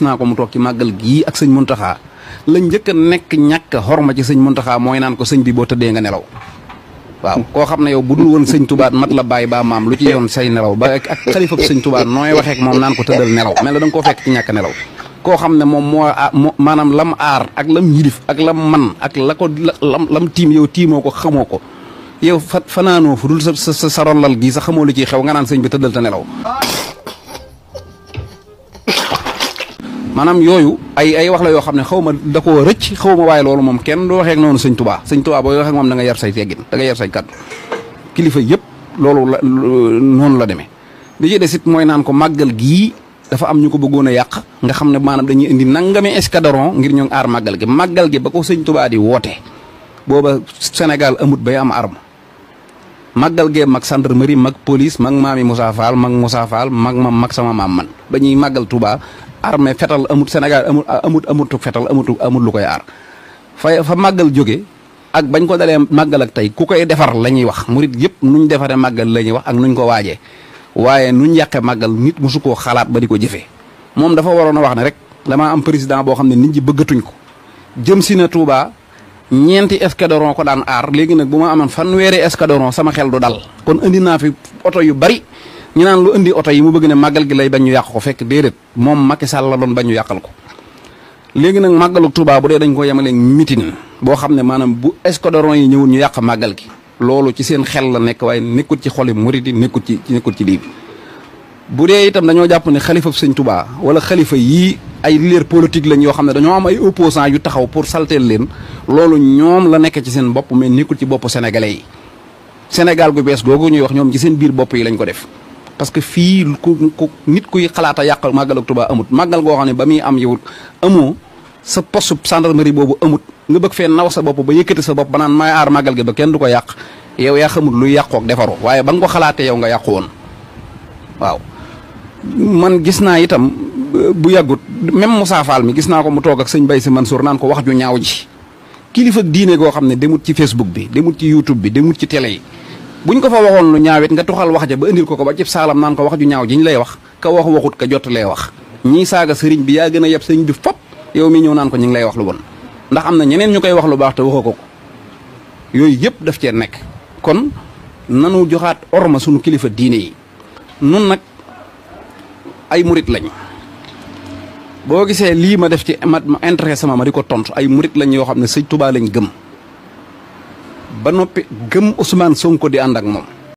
naa ko mu toog ci màggal gii ak sëñ Muntaxa la njëkk nekk ñàkk xorma ci sëñ Muntaxa mooy naan ko sëñ bi boo tëddee nga nelaw waaw koo xam ne yow bu dul woon sëñ tubaat mat la bàyyi baa maam lu ci yoon say nelaw ba ak xalifa sëñ Tuubaa nooy waxeek moom naan ko tëddal nelaw mel na da nga koo fekk ci ñàkk nelaw koo xam ne moom moo maanaam lam aar ak lam yilif ak lam man ak la lam lam tiim yow tiimoo ko xamoo ko yow fa fanaanoo fu dul sa sa sa ronlal gii sa xamoo lu ciy xew nga naan sëñ bi tëddal te nelaw maanaam yooyu ay ay wax la yoo xam ne xaw ma da koo rëcc xaw waaye loolu moom kenn du waxee ak noonu sëñ tubaa sëñ tubaa booy wax ak moom da nga kilifa yëpp loolu la noonu la demee li ci des it mooy naan ko màggal gii dafa am ñu ko bëggoon a yàq nga xam ne maanaam dañuy indi nangami escadron ngir ñu aar màggal gi màggal gi ba ko sëñ tubaa di woote booba Sénégal amut bay am arme màggal gee mag gendarmerie mag police mag maami Moussa Fall mag Moussa faal mag ma mag sama maam man ba ñuy màggal tubaa armée fetal amut Sénégal amut amut amutuk fetal amut amut lu koy aar fa fa màggal jóge ak bañ ko dalee màggal ak tey ku koy defar la ñuy wax murit yëpp nuñ defaree màggal la ñuy wax ak nuñ ko waajee waaye nuñ yàqee màggal nit musu koo xalaat ba di ko jëfee moom dafa waroon a wax ne rek damaa am président boo xam ne nit ñi bëggatuñ ko jëm si na Touba ñeenti escadron ko daan aar léegi nag bu ma amoon fanweeri escadron sama xel du dal kon indi naa fi oto yu bari ñu lu indi oto yi mu bëgg ne màggal gi lay bañ ñu yàq ko fekk déedéet moom Macky Sall la doon bañ ñu yàqal ko. léegi nag màggalu Touba bu dee dañ ko yemaleeg mitin boo xam ne maanaam bu escadron yi ñëwul ñu yàq màggal gi loolu ci seen xel la nekk waaye nekkul ci xoli murid yi nekkul ci nekkul ci lii bi bu dee itam dañoo jàpp ne xalifa sëñ tubaa wala xalifa yii ay leader politique lañ yoo xam ne dañoo am ay opposants yu taxaw pour salteen leen loolu ñoom la nekk ci seen bopp mais nekkul ci bopp sénégalais yi Sénégal gu bees googu ñuy wax ñoom ci seen biir bopp yi lañ ko def parce que fii ku nit kuy xalaat a yàq màggal ak Tuubaa amut màggal goo xam ne ba muy am yow amoo sa poste gendarmerie boobu amut nga bëgg fee naw sa bopp ba yëkkati sa bopp ba naan maay aar màggal gi ba kenn du ko yàq yow yaa xamul luy yàqoo ak waaye ba nga ko xalaatee yow nga yàqu woon waaw. man gis naa itam bu yàggut même Moussa Fall mi gis naa ko mu toog ak sañ Bay si Mansour naan ko wax ju ñaaw ji kilifa diine goo xam ne demut ci Facebook bi demut ci YouTube bi demut ci télé yi. buñ ko fa waxoon lu ñaawit nga tuxal wax ja ba indil ko ko ba cib saalam naan ko wax ju ñaaw jiñ lay wax ka wax waxut ka jottalee wax ñii saaga sëriñ bi yaa gën a yeb sëriñ bi fop yow mi ñëw naan ko ñu ngi lay wax lu bon ndax am na ñeneen ñu koy wax lu baax te waxoo ko ko yooyu yëpp daf cee nekk kon nanu joxaat orma sunu kilifa diine yi nun nag ay murit lañ boo gisee lii ma def ci ma intérêt sama ma di ko tontu ay murit lañ yoo xam ne sëñ Tuubaa lañ gëm ba noppi gëm Ousmane Sonko di ànd ak moom.